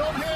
on here.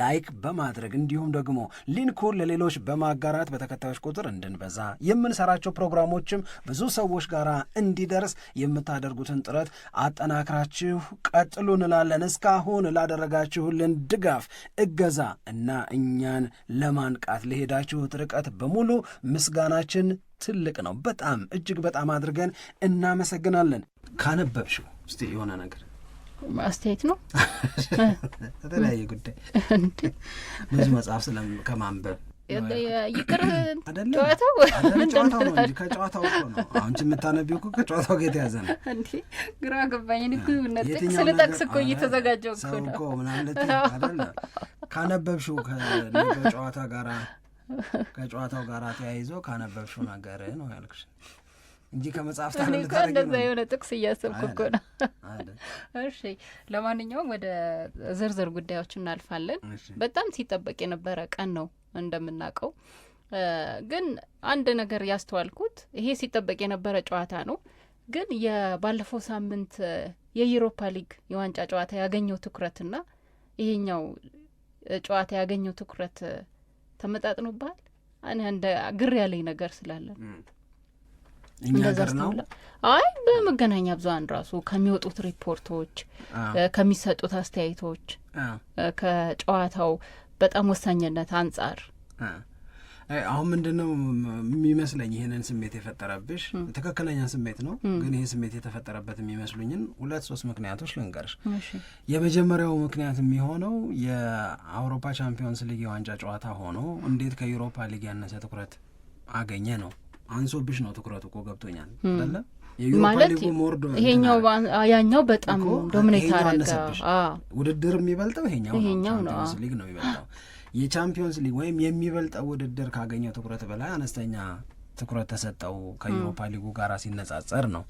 ላይክ በማድረግ እንዲሁም ደግሞ ሊንኩን ለሌሎች በማጋራት በተከታዮች ቁጥር እንድንበዛ የምንሰራቸው ፕሮግራሞችም ብዙ ሰዎች ጋር እንዲደርስ የምታደርጉትን ጥረት አጠናክራችሁ ቀጥሉ እንላለን። እስካሁን ላደረጋችሁልን ድጋፍ፣ እገዛ እና እኛን ለማንቃት ለሄዳችሁት ርቀት በሙሉ ምስጋናችን ትልቅ ነው። በጣም እጅግ በጣም አድርገን እናመሰግናለን። ካነበብሽው እስቲ የሆነ ነገር አስተያየት ነው። በተለያየ ጉዳይ ብዙ መጽሐፍ ስለ ከማንበብ ይቅር ጨዋታው ከጨዋታው እኮ ነው። አሁን የምታነቢው እኮ ከጨዋታው ጋር የተያዘ ነው። እንዴ ግራ ገባኝ። እኔ ልጠቅስ እኮ እየተዘጋጀሁ እኮ እኮ ምናምን ካነበብሽው ከጨዋታ ጋራ ከጨዋታው ጋራ ተያይዞ ካነበብሽው ነገር ነው ያልኩሽ። እንጂ ከመጽሐፍ እንደዛ የሆነ ጥቅስ እያሰብኩ እኮ ነው። እሺ ለማንኛውም ወደ ዝርዝር ጉዳዮች እናልፋለን። በጣም ሲጠበቅ የነበረ ቀን ነው እንደምናውቀው። ግን አንድ ነገር ያስተዋልኩት ይሄ ሲጠበቅ የነበረ ጨዋታ ነው፣ ግን የባለፈው ሳምንት የዩሮፓ ሊግ የዋንጫ ጨዋታ ያገኘው ትኩረትና ይሄኛው ጨዋታ ያገኘው ትኩረት ተመጣጥኖባል። እኔ ግር ያለኝ ነገር ስላለን እኛ ነው። አይ በመገናኛ ብዙኃን ራሱ ከሚወጡት ሪፖርቶች፣ ከሚሰጡት አስተያየቶች፣ ከጨዋታው በጣም ወሳኝነት አንጻር አሁን ምንድን ነው የሚመስለኝ ይህንን ስሜት የፈጠረብሽ ትክክለኛ ስሜት ነው፣ ግን ይህን ስሜት የተፈጠረበት የሚመስሉኝን ሁለት ሶስት ምክንያቶች ልንገርሽ። የመጀመሪያው ምክንያት የሚሆነው የአውሮፓ ቻምፒዮንስ ሊግ የዋንጫ ጨዋታ ሆኖ እንዴት ከዩሮፓ ሊግ ያነሰ ትኩረት አገኘ ነው። አንሶብሽ ነው ትኩረቱ እኮ ገብቶኛል ማለት ይሄኛው ያኛው በጣም ዶሚኔት አረጋ ውድድር የሚበልጠው ይሄኛው ሊግ ነው የሚበልጠው የቻምፒዮንስ ሊግ ወይም የሚበልጠው ውድድር ካገኘው ትኩረት በላይ አነስተኛ ትኩረት ተሰጠው ከዩሮፓ ሊጉ ጋር ሲነጻጸር ነው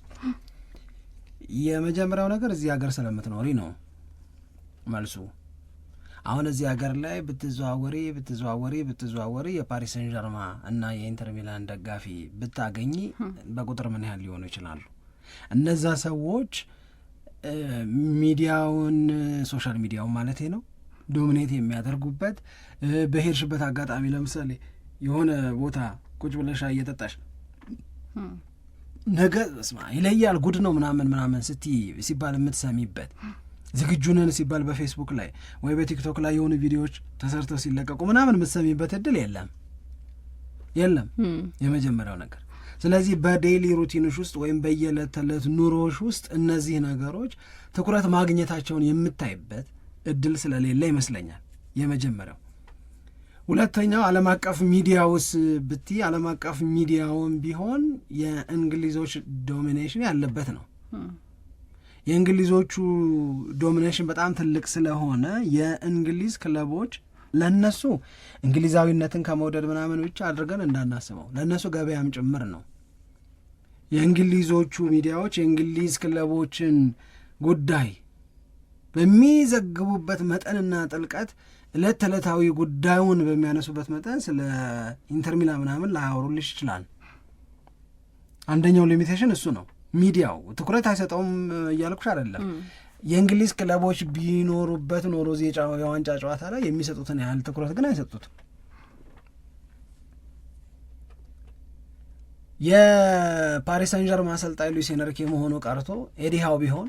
የመጀመሪያው ነገር እዚህ ሀገር ስለምትኖሪ ነው መልሱ አሁን እዚህ ሀገር ላይ ብትዘዋወሪ ብትዘዋወሪ ብትዘዋወሪ የፓሪስ ሰን ዠርማ እና የኢንተር ሚላን ደጋፊ ብታገኝ በቁጥር ምን ያህል ሊሆኑ ይችላሉ? እነዛ ሰዎች ሚዲያውን ሶሻል ሚዲያውን ማለት ነው ዶሚኔት የሚያደርጉበት በሄድሽበት አጋጣሚ ለምሳሌ የሆነ ቦታ ቁጭ ብለሻ እየጠጣሽ ነገ ስማ ይለያል ጉድ ነው ምናምን ምናምን ስቲ ሲባል የምትሰሚበት ዝግጁንን ሲባል በፌስቡክ ላይ ወይ በቲክቶክ ላይ የሆኑ ቪዲዮዎች ተሰርተው ሲለቀቁ ምናምን የምትሰሚበት እድል የለም የለም፣ hmm. የመጀመሪያው ነገር። ስለዚህ በዴይሊ ሩቲንሽ ውስጥ ወይም በየዕለት ተዕለት ኑሮሽ ውስጥ እነዚህ ነገሮች ትኩረት ማግኘታቸውን የምታይበት እድል ስለሌለ ይመስለኛል የመጀመሪያው። ሁለተኛው ዓለም አቀፍ ሚዲያውስ ብቲ ዓለም አቀፍ ሚዲያውን ቢሆን የእንግሊዞች ዶሚኔሽን ያለበት ነው። hmm. የእንግሊዞቹ ዶሚኔሽን በጣም ትልቅ ስለሆነ የእንግሊዝ ክለቦች ለእነሱ እንግሊዛዊነትን ከመውደድ ምናምን ብቻ አድርገን እንዳናስበው ለእነሱ ገበያም ጭምር ነው። የእንግሊዞቹ ሚዲያዎች የእንግሊዝ ክለቦችን ጉዳይ በሚዘግቡበት መጠንና ጥልቀት እለት ተዕለታዊ ጉዳዩን በሚያነሱበት መጠን ስለ ኢንተር ሚላን ምናምን ላያወሩልሽ ይችላል። አንደኛው ሊሚቴሽን እሱ ነው። ሚዲያው ትኩረት አይሰጠውም እያልኩሽ አይደለም። የእንግሊዝ ክለቦች ቢኖሩበት ኖሮ የዋንጫ ጨዋታ ላይ የሚሰጡትን ያህል ትኩረት ግን አይሰጡትም። የፓሪስ ሰን ማሰልጣይ አሰልጣኝ ሉዊስ ኤንሪኬ መሆኑ ቀርቶ ኤዲሃው ቢሆን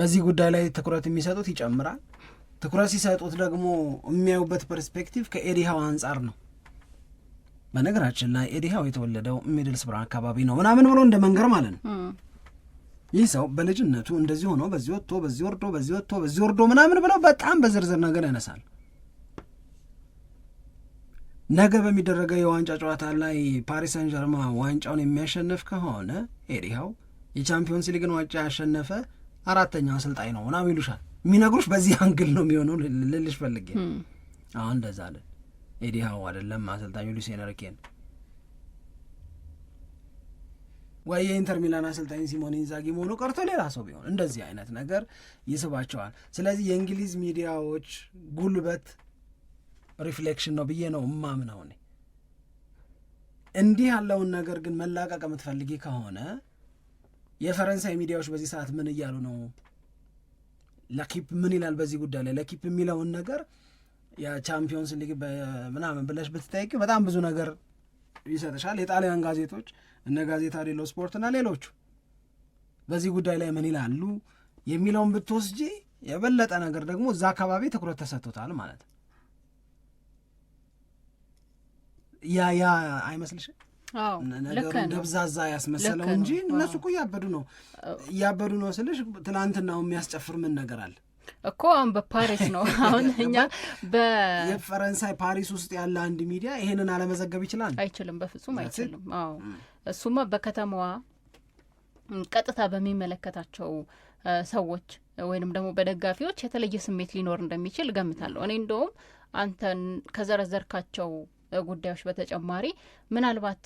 በዚህ ጉዳይ ላይ ትኩረት የሚሰጡት ይጨምራል። ትኩረት ሲሰጡት ደግሞ የሚያዩበት ፐርስፔክቲቭ ከኤዲሃው አንጻር ነው። በነገራችን ላይ ኤዲሃው የተወለደው ሚድልስብራ አካባቢ ነው ምናምን ብሎ እንደ መንገር ማለት ነው። ይህ ሰው በልጅነቱ እንደዚህ ሆኖ በዚህ ወጥቶ በዚህ ወርዶ በዚህ ወጥቶ በዚህ ወርዶ ምናምን ብሎ በጣም በዝርዝር ነገር ያነሳል። ነገ በሚደረገው የዋንጫ ጨዋታ ላይ ፓሪስ ሰን ጀርማ ዋንጫውን የሚያሸንፍ ከሆነ ኤዲሃው የቻምፒዮንስ ሊግን ዋንጫ ያሸነፈ አራተኛው አሰልጣኝ ነው ምናምን ይሉሻል። የሚነግሩሽ በዚህ አንግል ነው የሚሆነው ልልሽ ፈልጌ አሁን እንደዛ አለ ኤዲ ሃው አይደለም አሰልጣኙ ሉሲየን ሪኬ ወይ የኢንተር ሚላን አሰልጣኝ ሲሞን ኢንዛጊ መሆኑ ቀርቶ ሌላ ሰው ቢሆን እንደዚህ አይነት ነገር ይስባቸዋል። ስለዚህ የእንግሊዝ ሚዲያዎች ጉልበት ሪፍሌክሽን ነው ብዬ ነው እማምነው እኔ። እንዲህ ያለውን ነገር ግን መላቀቅ የምትፈልጊ ከሆነ የፈረንሳይ ሚዲያዎች በዚህ ሰዓት ምን እያሉ ነው፣ ለኪፕ ምን ይላል በዚህ ጉዳይ ላይ ለኪፕ የሚለውን ነገር የቻምፒዮንስ ሊግ ምናምን ብለሽ ብትጠይቅ በጣም ብዙ ነገር ይሰጥሻል። የጣሊያን ጋዜጦች እነ ጋዜታ ሌሎ ስፖርትና ሌሎቹ በዚህ ጉዳይ ላይ ምን ይላሉ የሚለውን ብትወስጂ የበለጠ ነገር ደግሞ እዛ አካባቢ ትኩረት ተሰጥቶታል ማለት ነው። ያ ያ አይመስልሽም? ነገሩ ደብዛዛ ያስመሰለው እንጂ እነሱ እኮ እያበዱ ነው። እያበዱ ነው ስልሽ ትናንትናው የሚያስጨፍር ምን ነገር አለ? እኮ አሁን በፓሪስ ነው። አሁን እኛ በፈረንሳይ ፓሪስ ውስጥ ያለ አንድ ሚዲያ ይሄንን አለመዘገብ ይችላል? አይችልም፣ በፍጹም አይችልም። አዎ mm. እሱማ በከተማዋ ቀጥታ በሚመለከታቸው ሰዎች ወይንም ደግሞ በደጋፊዎች የተለየ ስሜት ሊኖር እንደሚችል እገምታለሁ። እኔ እንደውም አንተን ከዘረዘርካቸው ጉዳዮች በተጨማሪ ምናልባት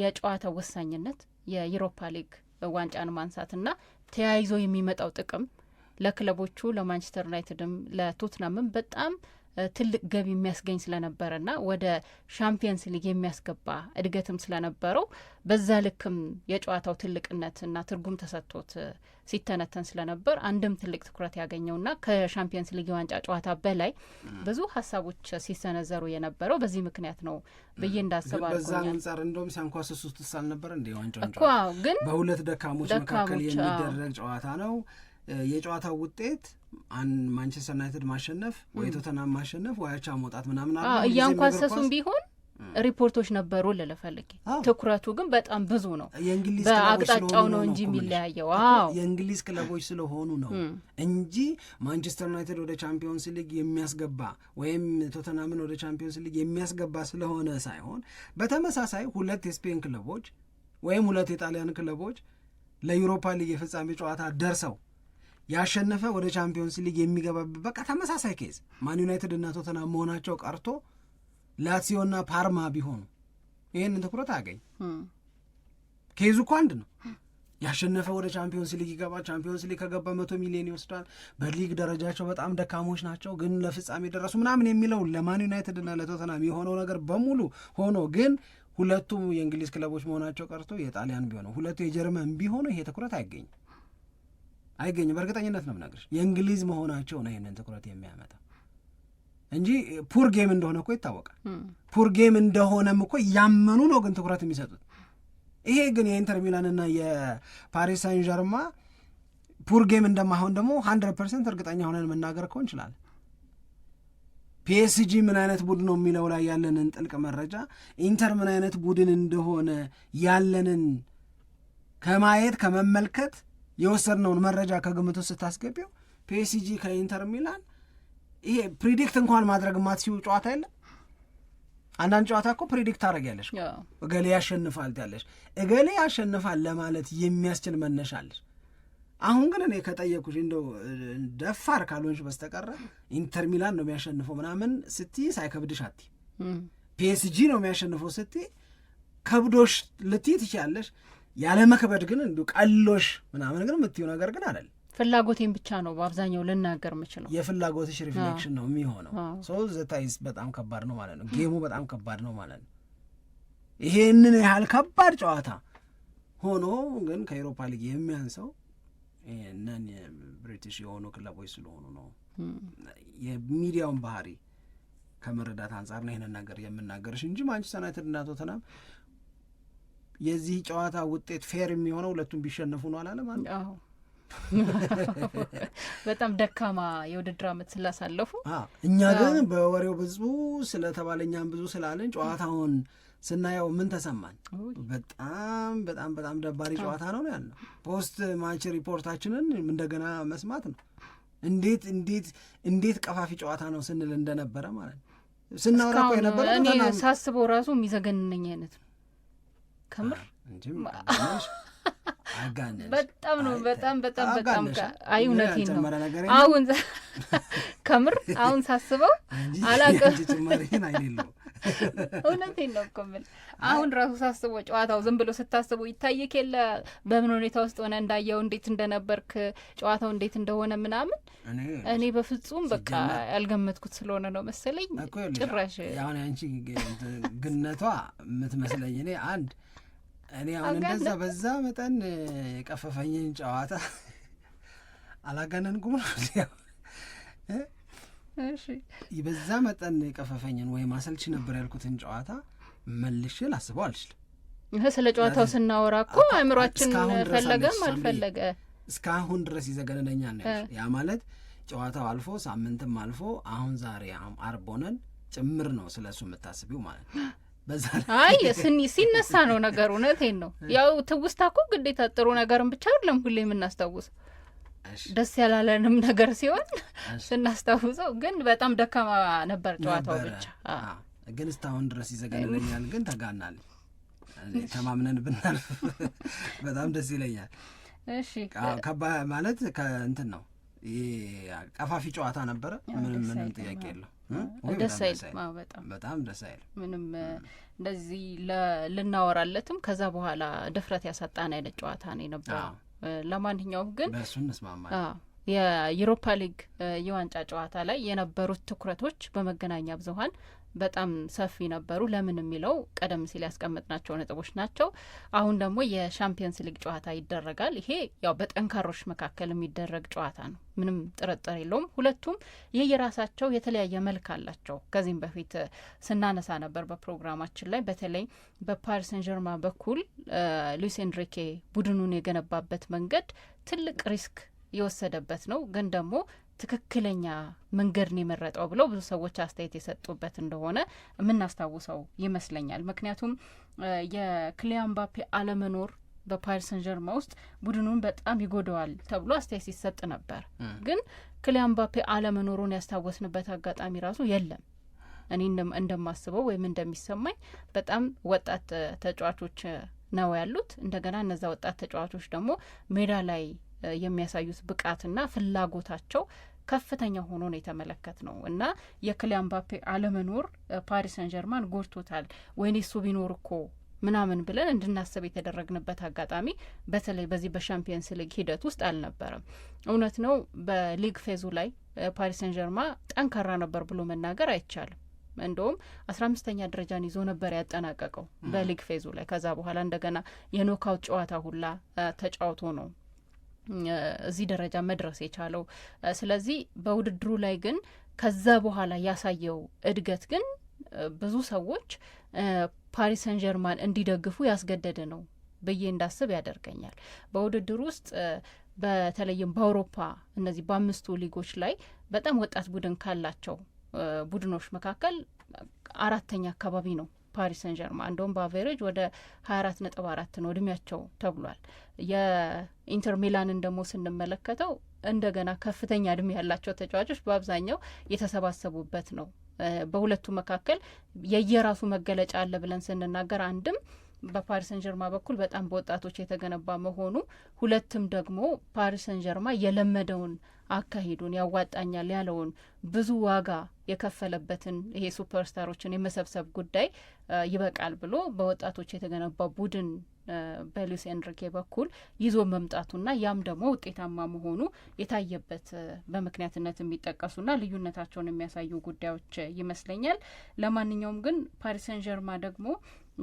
የጨዋታ ወሳኝነት የዩሮፓ ሊግ ዋንጫን ማንሳትና ተያይዞ የሚመጣው ጥቅም ለክለቦቹ ለማንቸስተር ዩናይትድም ለቶትናምም በጣም ትልቅ ገቢ የሚያስገኝ ስለነበረና ወደ ሻምፒየንስ ሊግ የሚያስገባ እድገትም ስለነበረው በዛ ልክም የጨዋታው ትልቅነትና ትርጉም ተሰጥቶት ሲተነተን ስለነበር አንድም ትልቅ ትኩረት ያገኘውና ከሻምፒየንስ ሊግ የዋንጫ ጨዋታ በላይ ብዙ ሀሳቦች ሲሰነዘሩ የነበረው በዚህ ምክንያት ነው ብዬ እንዳስብ በዛ አንጻር እንደውም ሲያንኳስሱት ሳልነበር እንደ ዋንጫ ግን በሁለት ደካሞች መካከል የሚደረግ ጨዋታ ነው የጨዋታ ውጤት አን ማንቸስተር ዩናይትድ ማሸነፍ ወይ ቶተናም ማሸነፍ ዋያቻ መውጣት ምናምን እያንኳሰሱም ቢሆን ሪፖርቶች ነበሩ ልለፈልግ ትኩረቱ ግን በጣም ብዙ ነው። የእንግሊዝ በአቅጣጫው ነው እንጂ የሚለያየው አዎ የእንግሊዝ ክለቦች ስለሆኑ ነው እንጂ ማንቸስተር ዩናይትድ ወደ ቻምፒዮንስ ሊግ የሚያስገባ ወይም ቶተናምን ወደ ቻምፒዮንስ ሊግ የሚያስገባ ስለሆነ ሳይሆን በተመሳሳይ ሁለት የስፔን ክለቦች ወይም ሁለት የጣሊያን ክለቦች ለዩሮፓ ሊግ የፍጻሜ ጨዋታ ደርሰው ያሸነፈ ወደ ቻምፒዮንስ ሊግ የሚገባበት በቃ ተመሳሳይ ኬዝ ማን ዩናይትድ እና ቶተናም መሆናቸው ቀርቶ ላሲዮና ፓርማ ቢሆኑ ይህንን ትኩረት አያገኝ። ኬዙ እኮ አንድ ነው። ያሸነፈ ወደ ቻምፒዮንስ ሊግ ይገባል። ቻምፒዮንስ ሊግ ከገባ መቶ ሚሊዮን ይወስዳል። በሊግ ደረጃቸው በጣም ደካሞች ናቸው፣ ግን ለፍጻሜ ደረሱ ምናምን የሚለው ለማን ዩናይትድ እና ለቶተናም የሆነው ነገር በሙሉ ሆኖ ግን ሁለቱ የእንግሊዝ ክለቦች መሆናቸው ቀርቶ የጣሊያን ቢሆነው ሁለቱ የጀርመን ቢሆነው ይሄ ትኩረት አይገኝም። አይገኝም። በእርግጠኝነት ነው የምነግርሽ። የእንግሊዝ መሆናቸው ነው ይህንን ትኩረት የሚያመጣ እንጂ ፑር ጌም እንደሆነ እኮ ይታወቃል። ፑር ጌም እንደሆነም እኮ ያመኑ ነው ግን ትኩረት የሚሰጡት። ይሄ ግን የኢንተር ሚላንና የፓሪስ ሳን ዠርማ ፑር ጌም እንደማይሆን ደግሞ ሀንድረድ ፐርሰንት እርግጠኛ ሆነን መናገር እኮ እንችላለን። ፒኤስጂ ምን አይነት ቡድን ነው የሚለው ላይ ያለንን ጥልቅ መረጃ፣ ኢንተር ምን አይነት ቡድን እንደሆነ ያለንን ከማየት ከመመልከት የወሰድነውን መረጃ ከግምት ውስጥ ስታስገቢው ፒኤስጂ ከኢንተር ሚላን ይሄ ፕሪዲክት እንኳን ማድረግ ማትሲው ጨዋታ የለም። አንዳንድ ጨዋታ እኮ ፕሪዲክት ታደርጊያለሽ፣ እገሌ ያሸንፋል ትያለሽ። እገሌ ያሸንፋል ለማለት የሚያስችል መነሻ አሁን ግን እኔ ከጠየኩች እንደው ደፋር ካልሆንሽ በስተቀረ ኢንተር ሚላን ነው የሚያሸንፈው ምናምን ስትይ ሳይከብድሽ አቲ ፒኤስጂ ነው የሚያሸንፈው ስቲ ከብዶሽ ልትይ ትችያለሽ። ያለ መክበድ ግን እንዲ ቀሎሽ ምናምን ግን የምትዩ ነገር ግን አላል ፍላጎቴን ብቻ ነው በአብዛኛው ልናገር የምችለው። የፍላጎትሽ ሪፍሌክሽን ነው የሚሆነው። ሰው ዘታይስ በጣም ከባድ ነው ማለት ነው። ጌሙ በጣም ከባድ ነው ማለት ነው። ይሄንን ያህል ከባድ ጨዋታ ሆኖ ግን ከኤሮፓ ሊግ የሚያንሰው ይህንን ብሪቲሽ የሆኑ ክለቦች ስለሆኑ ነው። የሚዲያውን ባህሪ ከመረዳት አንጻር ነው ይህንን ነገር የምናገርሽ እንጂ ማንቸስተር ዩናይትድ እና ቶተናም የዚህ ጨዋታ ውጤት ፌር የሚሆነው ሁለቱም ቢሸነፉ ነው አላለም። በጣም ደካማ የውድድር አመት ስላሳለፉ እኛ ግን በወሬው ብዙ ስለተባለ እኛም ብዙ ስላለን ጨዋታውን ስናየው ምን ተሰማን? በጣም በጣም በጣም ደባሪ ጨዋታ ነው ነው ፖስት ማች ሪፖርታችንን እንደገና መስማት ነው። እንዴት እንዴት እንዴት ቀፋፊ ጨዋታ ነው ስንል እንደነበረ ማለት ነው። ስናወራ የነበረ ሳስበው ራሱ የሚዘገንነኝ አይነት ነው ከምር በጣም ነው በጣም በጣም በጣም አይ እውነቴን ነው። አሁን ከምር አሁን ሳስበው አላውቅም። እውነቴን ነው እኮ የምልህ አሁን ራሱ ሳስበው ጨዋታው ዝም ብሎ ስታስበው ይታይክ የለ በምን ሁኔታ ውስጥ ሆነ እንዳየው እንዴት እንደነበርክ ጨዋታው እንዴት እንደሆነ ምናምን እኔ በፍጹም በቃ ያልገመትኩት ስለሆነ ነው መሰለኝ ጭራሽ አሁን አንቺ ግነቷ የምትመስለኝ እኔ አንድ እኔ አሁን እንደዛ በዛ መጠን የቀፈፈኝን ጨዋታ አላጋነንኩም ነው። በዛ መጠን የቀፈፈኝን ወይም አሰልቺ ነበር ያልኩትን ጨዋታ መልሼ ላስበው አልችልም። ስለ ጨዋታው ስናወራ እኮ አእምሯችን ፈለገም አልፈለገ እስካሁን ድረስ ይዘገነነኛል ነ ያ ማለት ጨዋታው አልፎ ሳምንትም አልፎ አሁን ዛሬ አርቦነን ጭምር ነው ስለ እሱ የምታስቢው ማለት ነው። አይ ሲነሳ ነው ነገር። እውነቴን ነው። ያው ትውስታ እኮ ግዴታ ጥሩ ነገርን ብቻ አይደለም ሁሌ የምናስታውሰው ደስ ያላለንም ነገር ሲሆን ስናስታውሰው፣ ግን በጣም ደካማ ነበር ጨዋታው ብቻ። ግን እስካሁን ድረስ ይዘገንብኛል፣ ግን ተጋናል። ተማምነን ብናልፍ በጣም ደስ ይለኛል። እሺ ማለት ከእንትን ነው ቀፋፊ ጨዋታ ነበረ። ምንም ምንም ጥያቄ የለው። ደስ አይልም። በጣም ደስ አይልም። ምንም እንደዚህ ልናወራለትም ከዛ በኋላ ድፍረት ያሳጣን አይነት ጨዋታ ነው የነበረው። ለማንኛውም ግን በእሱ እንስማማል። የዩሮፓ ሊግ የዋንጫ ጨዋታ ላይ የነበሩት ትኩረቶች በመገናኛ ብዙኃን በጣም ሰፊ ነበሩ። ለምን የሚለው ቀደም ሲል ያስቀመጥናቸው ነጥቦች ናቸው። አሁን ደግሞ የሻምፒየንስ ሊግ ጨዋታ ይደረጋል። ይሄ ያው በጠንካሮች መካከል የሚደረግ ጨዋታ ነው፣ ምንም ጥርጥር የለውም። ሁለቱም ይህ የራሳቸው የተለያየ መልክ አላቸው። ከዚህም በፊት ስናነሳ ነበር በፕሮግራማችን ላይ በተለይ በፓሪስ ጀርማ በኩል ሉዊስ ኤንሪኬ ቡድኑን የገነባበት መንገድ ትልቅ ሪስክ የወሰደበት ነው ግን ደግሞ ትክክለኛ መንገድን የመረጠው ብለው ብዙ ሰዎች አስተያየት የሰጡበት እንደሆነ የምናስታውሰው ይመስለኛል። ምክንያቱም የክሊያን ምባፔ አለመኖር በፓሪስ ሰን ጀርማ ውስጥ ቡድኑን በጣም ይጎደዋል ተብሎ አስተያየት ሲሰጥ ነበር። ግን ክሊያን ምባፔ አለመኖሩን ያስታወስንበት አጋጣሚ ራሱ የለም። እኔ እንደማስበው ወይም እንደሚሰማኝ በጣም ወጣት ተጫዋቾች ነው ያሉት። እንደገና እነዛ ወጣት ተጫዋቾች ደግሞ ሜዳ ላይ የሚያሳዩት ብቃትና ፍላጎታቸው ከፍተኛ ሆኖ ነው የተመለከት ነው እና የክሊያን ምባፔ አለመኖር ፓሪስ ሰን ጀርማን ጎድቶታል። ወይኔ እሱ ቢኖር እኮ ምናምን ብለን እንድናስብ የተደረግንበት አጋጣሚ በተለይ በዚህ በሻምፒየንስ ሊግ ሂደት ውስጥ አልነበረም። እውነት ነው በሊግ ፌዙ ላይ ፓሪስ ሰን ጀርማ ጠንካራ ነበር ብሎ መናገር አይቻልም። እንደውም አስራ አምስተኛ ደረጃን ይዞ ነበር ያጠናቀቀው በሊግ ፌዙ ላይ። ከዛ በኋላ እንደገና የኖካውት ጨዋታ ሁላ ተጫውቶ ነው እዚህ ደረጃ መድረስ የቻለው። ስለዚህ በውድድሩ ላይ ግን ከዛ በኋላ ያሳየው እድገት ግን ብዙ ሰዎች ፓሪስ ሰን ጀርማን እንዲደግፉ ያስገደደ ነው ብዬ እንዳስብ ያደርገኛል። በውድድሩ ውስጥ በተለይም በአውሮፓ እነዚህ በአምስቱ ሊጎች ላይ በጣም ወጣት ቡድን ካላቸው ቡድኖች መካከል አራተኛ አካባቢ ነው ፓሪስ ሰን ጀርማ። እንደውም በአቬሬጅ ወደ ሀያ አራት ነጥብ አራት ነው እድሜያቸው ተብሏል። ኢንተር ሚላንን ደግሞ ስንመለከተው እንደገና ከፍተኛ እድሜ ያላቸው ተጫዋቾች በአብዛኛው የተሰባሰቡበት ነው። በሁለቱ መካከል የየራሱ መገለጫ አለ ብለን ስንናገር አንድም በፓሪስ ጀርማ በኩል በጣም በወጣቶች የተገነባ መሆኑ፣ ሁለትም ደግሞ ፓሪስ ጀርማ የለመደውን አካሄዱን ያዋጣኛል ያለውን ብዙ ዋጋ የከፈለበትን ይሄ ሱፐርስታሮችን የመሰብሰብ ጉዳይ ይበቃል ብሎ በወጣቶች የተገነባ ቡድን በሉሲ ኤንሪኬ በኩል ይዞ መምጣቱና ያም ደግሞ ውጤታማ መሆኑ የታየበት በምክንያትነት የሚጠቀሱና ልዩነታቸውን የሚያሳዩ ጉዳዮች ይመስለኛል። ለማንኛውም ግን ፓሪስ ሰን ደግሞ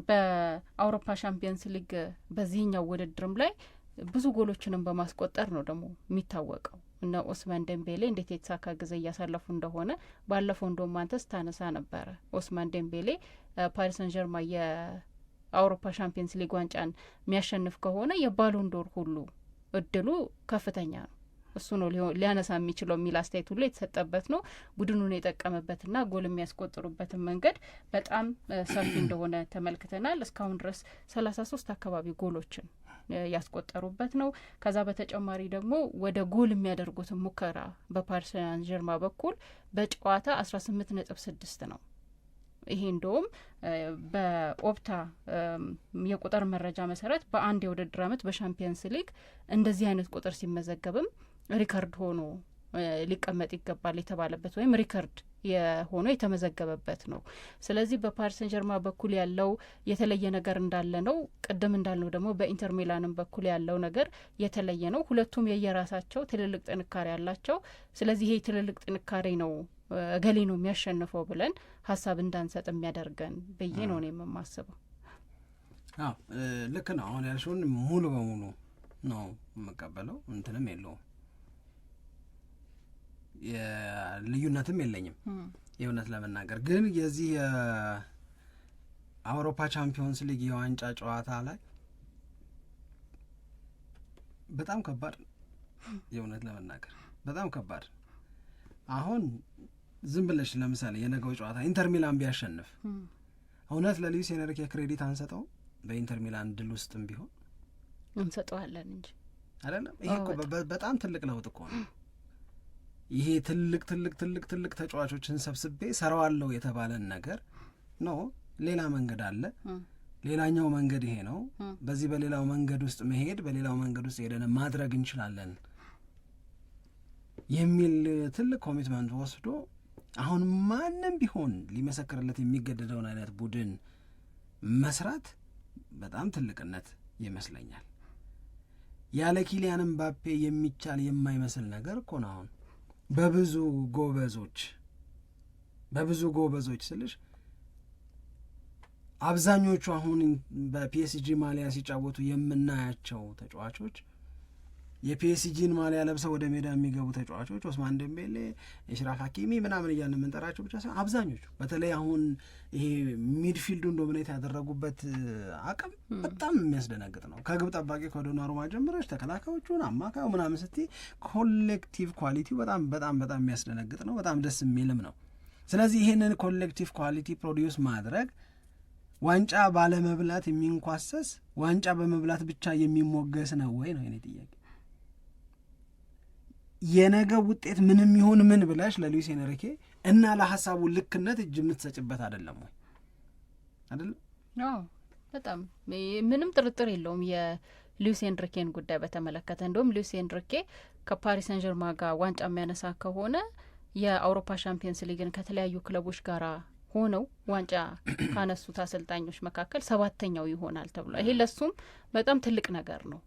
በአውሮፓ ሻምፒየንስ ሊግ በዚህኛው ውድድርም ላይ ብዙ ጎሎችንም በማስቆጠር ነው ደግሞ የሚታወቀው። እነ ኦስማን ደምቤሌ እንዴት የተሳካ ጊዜ እያሳለፉ እንደሆነ ባለፈው እንደውም አንተ ስታነሳ ነበረ። ኦስማን ደምቤሌ ፓሪስ ሰን ዠርማ አውሮፓ ሻምፒየንስ ሊግ ዋንጫን የሚያሸንፍ ከሆነ የባሎንዶር ሁሉ እድሉ ከፍተኛ ነው። እሱ ነው ሊያነሳ የሚችለው የሚል አስተያየት ሁሉ የተሰጠበት ነው። ቡድኑን የጠቀመበትና ጎል የሚያስቆጥሩበትን መንገድ በጣም ሰፊ እንደሆነ ተመልክተናል። እስካሁን ድረስ ሰላሳ ሶስት አካባቢ ጎሎችን ያስቆጠሩበት ነው። ከዛ በተጨማሪ ደግሞ ወደ ጎል የሚያደርጉትን ሙከራ በፓሪስ ሴንት በኩል በጨዋታ አስራ ስምንት ነጥብ ስድስት ነው ይሄ እንደውም በኦፕታ የቁጥር መረጃ መሰረት በአንድ የውድድር አመት በሻምፒየንስ ሊግ እንደዚህ አይነት ቁጥር ሲመዘገብም ሪከርድ ሆኖ ሊቀመጥ ይገባል የተባለበት ወይም ሪከርድ የሆኖ የተመዘገበበት ነው። ስለዚህ በፓሪሰን ጀርማ በኩል ያለው የተለየ ነገር እንዳለ ነው። ቅድም እንዳልነው ደግሞ በኢንተር ሚላንም በኩል ያለው ነገር የተለየ ነው። ሁለቱም የየራሳቸው ትልልቅ ጥንካሬ አላቸው። ስለዚህ ይሄ ትልልቅ ጥንካሬ ነው እገሌ ነው የሚያሸንፈው ብለን ሀሳብ እንዳንሰጥ የሚያደርገን ብዬ ነው እኔ የማስበው። ልክ ነው። አሁን ያልሽውን ሙሉ በሙሉ ነው የምቀበለው። እንትንም የለውም ልዩነትም የለኝም። የእውነት ለመናገር ግን የዚህ የአውሮፓ ቻምፒዮንስ ሊግ የዋንጫ ጨዋታ ላይ በጣም ከባድ ነው። የእውነት ለመናገር በጣም ከባድ አሁን ዝም ብለሽ ለምሳሌ የነገው ጨዋታ ኢንተር ሚላን ቢያሸንፍ እውነት ለሉዊስ ኤንሪኬ ክሬዲት አንሰጠው? በኢንተር ሚላን ድል ውስጥም ቢሆን እንሰጠዋለን እንጂ አይደለም። ይሄ እኮ በጣም ትልቅ ለውጥ እኮ ነው። ይሄ ትልቅ ትልቅ ትልቅ ትልቅ ተጫዋቾችን ሰብስቤ ሰራዋለሁ የተባለን ነገር ነው። ሌላ መንገድ አለ። ሌላኛው መንገድ ይሄ ነው። በዚህ በሌላው መንገድ ውስጥ መሄድ በሌላው መንገድ ውስጥ ሄደን ማድረግ እንችላለን የሚል ትልቅ ኮሚትመንት ወስዶ አሁን ማንም ቢሆን ሊመሰክርለት የሚገደደውን አይነት ቡድን መስራት በጣም ትልቅነት ይመስለኛል። ያለ ኪሊያን ምባፔ የሚቻል የማይመስል ነገር እኮ ነው። አሁን በብዙ ጎበዞች በብዙ ጎበዞች ስልሽ አብዛኞቹ አሁን በፒኤስጂ ማሊያ ሲጫወቱ የምናያቸው ተጫዋቾች የፒኤስጂን ማሊያ ለብሰው ወደ ሜዳ የሚገቡ ተጫዋቾች ኦስማን ደምቤሌ፣ ኢሽራፍ ሀኪሚ ምናምን እያልን የምንጠራቸው ብቻ ሳይሆን አብዛኞቹ በተለይ አሁን ይሄ ሚድፊልዱን ዶሚኔት ያደረጉበት አቅም በጣም የሚያስደነግጥ ነው። ከግብ ጠባቂ ከዶናሩማ ጀምረሽ ተከላካዮቹን፣ አማካዩ ምናምን ስትይ ኮሌክቲቭ ኳሊቲው በጣም በጣም በጣም የሚያስደነግጥ ነው። በጣም ደስ የሚልም ነው። ስለዚህ ይህንን ኮሌክቲቭ ኳሊቲ ፕሮዲውስ ማድረግ ዋንጫ ባለመብላት የሚንኳሰስ ዋንጫ በመብላት ብቻ የሚሞገስ ነው ወይ ነው የኔ ጥያቄ። የነገ ውጤት ምንም ይሁን ምን ብለሽ ለሉዊስ ኤንሪኬ እና ለሀሳቡ ልክነት እጅ የምትሰጭበት አይደለም ወይ? አይደለም። በጣም ምንም ጥርጥር የለውም የሉዊስ ኤንሪኬን ጉዳይ በተመለከተ እንዲሁም ሉዊስ ኤንሪኬ ከፓሪስ ሰን ጋር ዋንጫ የሚያነሳ ከሆነ የአውሮፓ ሻምፒየንስ ሊግን ከተለያዩ ክለቦች ጋር ሆነው ዋንጫ ካነሱት አሰልጣኞች መካከል ሰባተኛው ይሆናል ተብሏል። ይሄ ለሱም በጣም ትልቅ ነገር ነው።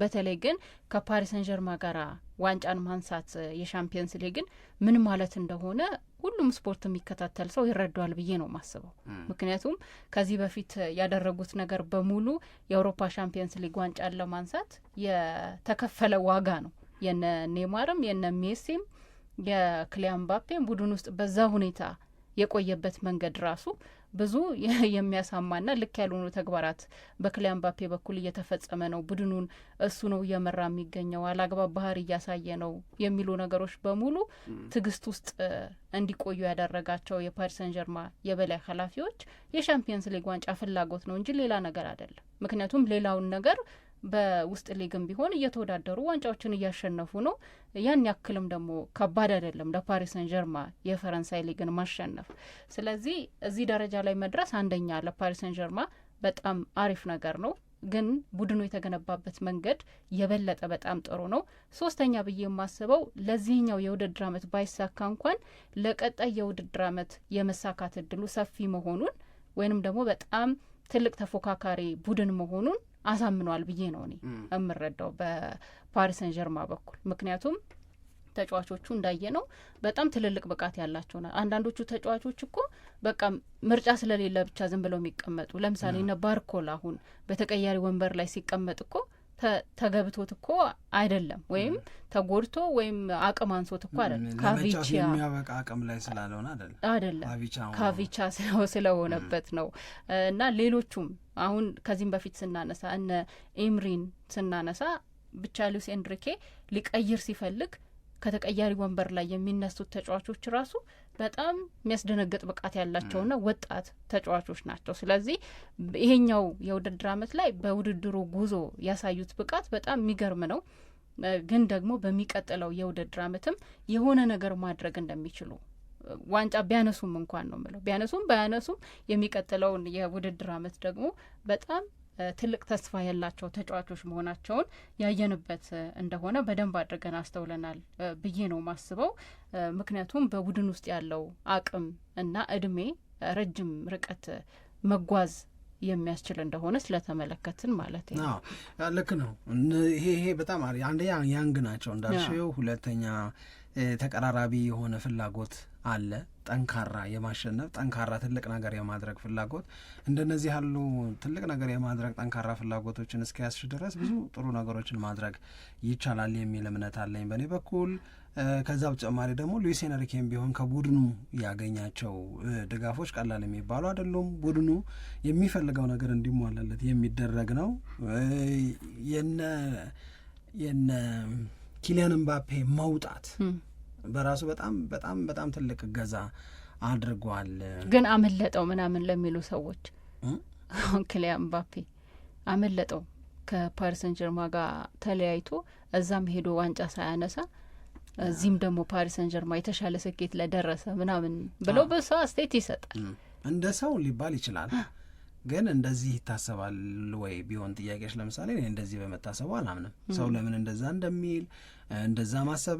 በተለይ ግን ከፓሪስ ጀርማ ጋር ዋንጫን ማንሳት የሻምፒየንስ ሊግን ምን ማለት እንደሆነ ሁሉም ስፖርት የሚከታተል ሰው ይረዳዋል ብዬ ነው የማስበው። ምክንያቱም ከዚህ በፊት ያደረጉት ነገር በሙሉ የአውሮፓ ሻምፒየንስ ሊግ ዋንጫን ለማንሳት የተከፈለ ዋጋ ነው። የነ ኔማርም የነ ሜሲም የክሊያን ቡድን ውስጥ በዛ ሁኔታ የቆየበት መንገድ ራሱ ብዙ የሚያሳማና ልክ ያልሆኑ ተግባራት በክሊያን ባፔ በኩል እየተፈጸመ ነው፣ ቡድኑን እሱ ነው እየመራ የሚገኘው፣ አላግባብ ባህር እያሳየ ነው የሚሉ ነገሮች በሙሉ ትዕግስት ውስጥ እንዲቆዩ ያደረጋቸው የፓሪስ ሰን ጀርማ የበላይ ኃላፊዎች የሻምፒየንስ ሊግ ዋንጫ ፍላጎት ነው እንጂ ሌላ ነገር አይደለም። ምክንያቱም ሌላውን ነገር በውስጥ ሊግም ቢሆን እየተወዳደሩ ዋንጫዎችን እያሸነፉ ነው። ያን ያክልም ደግሞ ከባድ አይደለም ለፓሪስ ሰን ጀርማ የፈረንሳይ ሊግን ማሸነፍ። ስለዚህ እዚህ ደረጃ ላይ መድረስ አንደኛ ለፓሪስ ሰን ጀርማ በጣም አሪፍ ነገር ነው። ግን ቡድኑ የተገነባበት መንገድ የበለጠ በጣም ጥሩ ነው። ሶስተኛ ብዬ የማስበው ለዚህኛው የውድድር አመት ባይሳካ እንኳን ለቀጣይ የውድድር አመት የመሳካት እድሉ ሰፊ መሆኑን ወይንም ደግሞ በጣም ትልቅ ተፎካካሪ ቡድን መሆኑን አሳምኗል ብዬ ነው እኔ የምረዳው በፓሪሰን ጀርማ በኩል ምክንያቱም ተጫዋቾቹ እንዳየ ነው በጣም ትልልቅ ብቃት ያላቸው ና አንዳንዶቹ ተጫዋቾች እኮ በቃ ምርጫ ስለሌለ ብቻ ዝም ብለው የሚቀመጡ ለምሳሌ ነ ባርኮላ አሁን በተቀያሪ ወንበር ላይ ሲቀመጥ እኮ ተገብቶት እኮ አይደለም ወይም ተጎድቶ ወይም አቅም አንሶት እኮ አይደለም። ካቪቻ የሚያበቃ አቅም ላይ ስላልሆነ አይደለም ካቪቻ ስለሆነበት ነው። እና ሌሎቹም አሁን ከዚህም በፊት ስናነሳ እነ ኤምሪን ስናነሳ ብቻ ሉዊስ ኤንሪኬ ሊቀይር ሲፈልግ ከተቀያሪ ወንበር ላይ የሚነሱት ተጫዋቾች ራሱ በጣም የሚያስደነግጥ ብቃት ያላቸውና ወጣት ተጫዋቾች ናቸው። ስለዚህ ይሄኛው የውድድር ዓመት ላይ በውድድሩ ጉዞ ያሳዩት ብቃት በጣም የሚገርም ነው። ግን ደግሞ በሚቀጥለው የውድድር ዓመትም የሆነ ነገር ማድረግ እንደሚችሉ ዋንጫ ቢያነሱም እንኳን ነው ምለው ቢያነሱም ባያነሱም የሚቀጥለውን የውድድር ዓመት ደግሞ በጣም ትልቅ ተስፋ ያላቸው ተጫዋቾች መሆናቸውን ያየንበት እንደሆነ በደንብ አድርገን አስተውለናል ብዬ ነው ማስበው። ምክንያቱም በቡድን ውስጥ ያለው አቅም እና እድሜ ረጅም ርቀት መጓዝ የሚያስችል እንደሆነ ስለተመለከትን ማለት ነው። ልክ ነው። ይሄ ይሄ በጣም አንደኛ ያንግ ናቸው እንዳልሽው፣ ሁለተኛ ተቀራራቢ የሆነ ፍላጎት አለ ጠንካራ የማሸነፍ ጠንካራ ትልቅ ነገር የማድረግ ፍላጎት እንደነዚህ ያሉ ትልቅ ነገር የማድረግ ጠንካራ ፍላጎቶችን እስኪያስሽ ድረስ ብዙ ጥሩ ነገሮችን ማድረግ ይቻላል የሚል እምነት አለኝ በእኔ በኩል። ከዛ በተጨማሪ ደግሞ ሉዊስ ኤንሪኬም ቢሆን ከቡድኑ ያገኛቸው ድጋፎች ቀላል የሚባሉ አይደሉም። ቡድኑ የሚፈልገው ነገር እንዲሟላለት የሚደረግ ነው። የነ የነ ኪሊያን ምባፔ መውጣት በራሱ በጣም በጣም በጣም ትልቅ እገዛ አድርጓል። ግን አመለጠው ምናምን ለሚሉ ሰዎች አሁን ክሊያን ምባፔ አመለጠው ከፓሪሰን ጀርማ ጋር ተለያይቶ እዛም ሄዶ ዋንጫ ሳያነሳ እዚህም ደግሞ ፓሪሰን ጀርማ የተሻለ ስኬት ለደረሰ ምናምን ብለው በሰው አስተያየት ይሰጣል። እንደ ሰው ሊባል ይችላል ግን እንደዚህ ይታሰባል ወይ ቢሆን ጥያቄዎች፣ ለምሳሌ እንደዚህ በመታሰቡ አላምንም። ሰው ለምን እንደዛ እንደሚል እንደዛ ማሰብ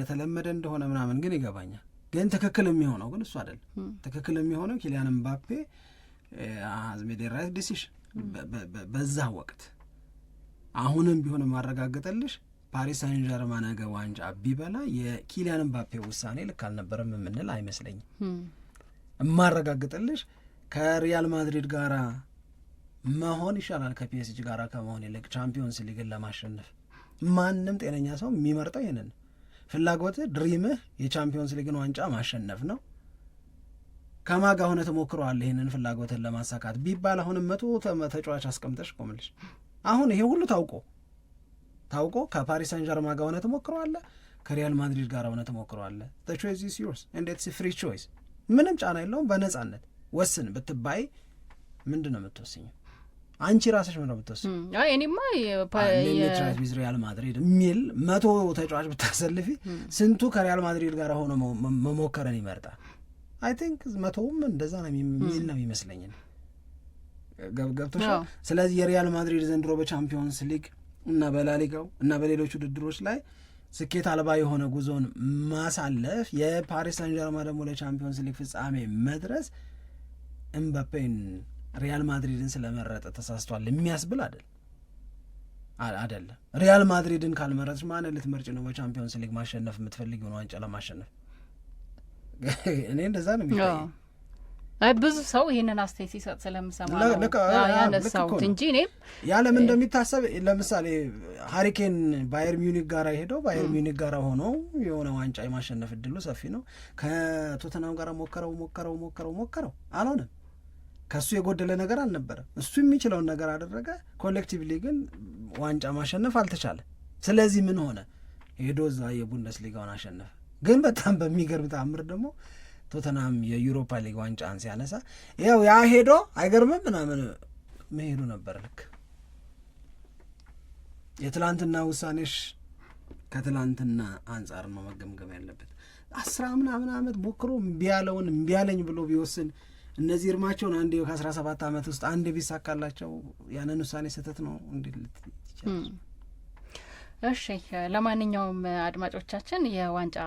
የተለመደ እንደሆነ ምናምን ግን ይገባኛል። ግን ትክክል የሚሆነው ግን እሱ አይደለም። ትክክል የሚሆነው ኪሊያን ምባፔ ሜድ ራይት ዲሲሽን በዛ ወቅት አሁንም ቢሆን የማረጋግጠልሽ ፓሪስ ሳን ዠርማ ነገ ዋንጫ ቢበላ የኪሊያን ምባፔ ውሳኔ ልክ አልነበረም የምንል አይመስለኝም። እማረጋግጥልሽ ከሪያል ማድሪድ ጋራ መሆን ይሻላል ከፒኤስጂ ጋራ ከመሆን ይልቅ ቻምፒዮንስ ሊግን ለማሸነፍ ማንም ጤነኛ ሰው የሚመርጠው ይህንን ነው። ድሪምህ የቻምፒዮንስ ሊግን ዋንጫ ማሸነፍ ነው። ከማጋ ሆነ ተሞክረዋል ይህንን ፍላጎትን ለማሳካት ቢባል አሁንም መቶ ተጫዋች አስቀምጠሽ ቆምልሽ። አሁን ይሄ ሁሉ ታውቆ ታውቆ ከፓሪስ ሳን ጀርማ ጋር ሆነ ተሞክረዋለ፣ ከሪያል ማድሪድ ጋር ሆነ ተሞክረዋለ። ቾይስ ኢዝ ፍሪ ቾይስ። ምንም ጫና የለውም። በነጻነት ወስን ብትባይ ምንድን ነው የምትወስኘው? አንቺ ራስሽ ምነው ብትወስድ? እኔማ ትራስ ሪያል ማድሪድ የሚል መቶ ተጫዋች ብታሰልፊ ስንቱ ከሪያል ማድሪድ ጋር ሆኖ መሞከረን ይመርጣል? አይ ቲንክ መቶውም እንደዛ ነው የሚል ነው ይመስለኛል። ገብቶሻል? ስለዚህ የሪያል ማድሪድ ዘንድሮ በቻምፒዮንስ ሊግ እና በላሊጋው እና በሌሎች ውድድሮች ላይ ስኬት አልባ የሆነ ጉዞን ማሳለፍ፣ የፓሪስ ሳንጀርማ ደግሞ ለቻምፒዮንስ ሊግ ፍጻሜ መድረስ እምበፔን ሪያል ማድሪድን ስለመረጠ ተሳስቷል የሚያስብል አይደል አይደለም። ሪያል ማድሪድን ካልመረጥሽ ማን ልትመርጭ ነው? በቻምፒዮንስ ሊግ ማሸነፍ የምትፈልግ የሆነ ዋንጫ ለማሸነፍ እኔ እንደዛ ነው የሚ ብዙ ሰው ይህንን አስተያየት ሲሰጥ ስለምሰማ ያነሳሁት እንጂ እኔም ያለም እንደሚታሰብ ለምሳሌ ሀሪኬን ባየር ሚዩኒክ ጋር ሄደው ባየር ሚኒክ ጋር ሆኖ የሆነ ዋንጫ የማሸነፍ እድሉ ሰፊ ነው። ከቶተናም ጋር ሞከረው ሞከረው ሞከረው ሞከረው አልሆነም። ከእሱ የጎደለ ነገር አልነበረም። እሱ የሚችለውን ነገር አደረገ። ኮሌክቲቭሊ ግን ዋንጫ ማሸነፍ አልተቻለ። ስለዚህ ምን ሆነ? ሄዶ እዛ ሊጋውን አሸነፈ። ግን በጣም በሚገርም ተአምር ደግሞ ቶተናም የዩሮፓ ሊግ ዋንጫን ሲያነሳ ያው ያ ሄዶ አይገርምም ምናምን መሄዱ ነበር። ልክ የትላንትና ውሳኔሽ ከትላንትና አንጻር ነው መገምገም ያለበት። አስራ ምናምን ዓመት ሞክሮ እምቢ ያለውን እምቢ ያለኝ ብሎ ቢወስን እነዚህ እርማቸውን አንድ ከአስራ ሰባት አመት ውስጥ አንድ ቢሳካላቸው ያንን ውሳኔ ስህተት ነው እንዲል እሺ ለማንኛውም አድማጮቻችን የዋንጫ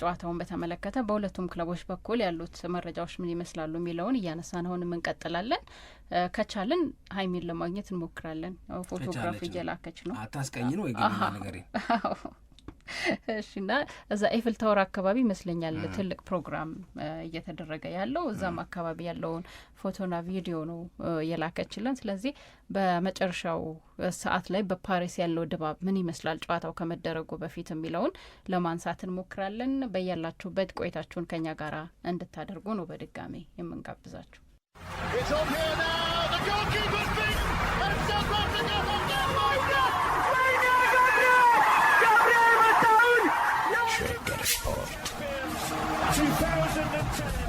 ጨዋታውን በተመለከተ በሁለቱም ክለቦች በኩል ያሉት መረጃዎች ምን ይመስላሉ የሚለውን እያነሳን አሁንም እንቀጥላለን። ከቻልን ሀይሚን ለማግኘት እንሞክራለን። ፎቶግራፍ እየላከች ነው። አታስቀኝ ነው ወይ ነገር እሺ እና እዛ ኤፍል ታወር አካባቢ ይመስለኛል ትልቅ ፕሮግራም እየተደረገ ያለው እዛም አካባቢ ያለውን ፎቶና ቪዲዮ ነው የላከችልን። ስለዚህ በመጨረሻው ሰዓት ላይ በፓሪስ ያለው ድባብ ምን ይመስላል ጨዋታው ከመደረጉ በፊት የሚለውን ለማንሳት እንሞክራለን። በያላችሁበት ቆይታችሁን ከኛ ጋር እንድታደርጉ ነው በድጋሜ የምንጋብዛችሁ። 2010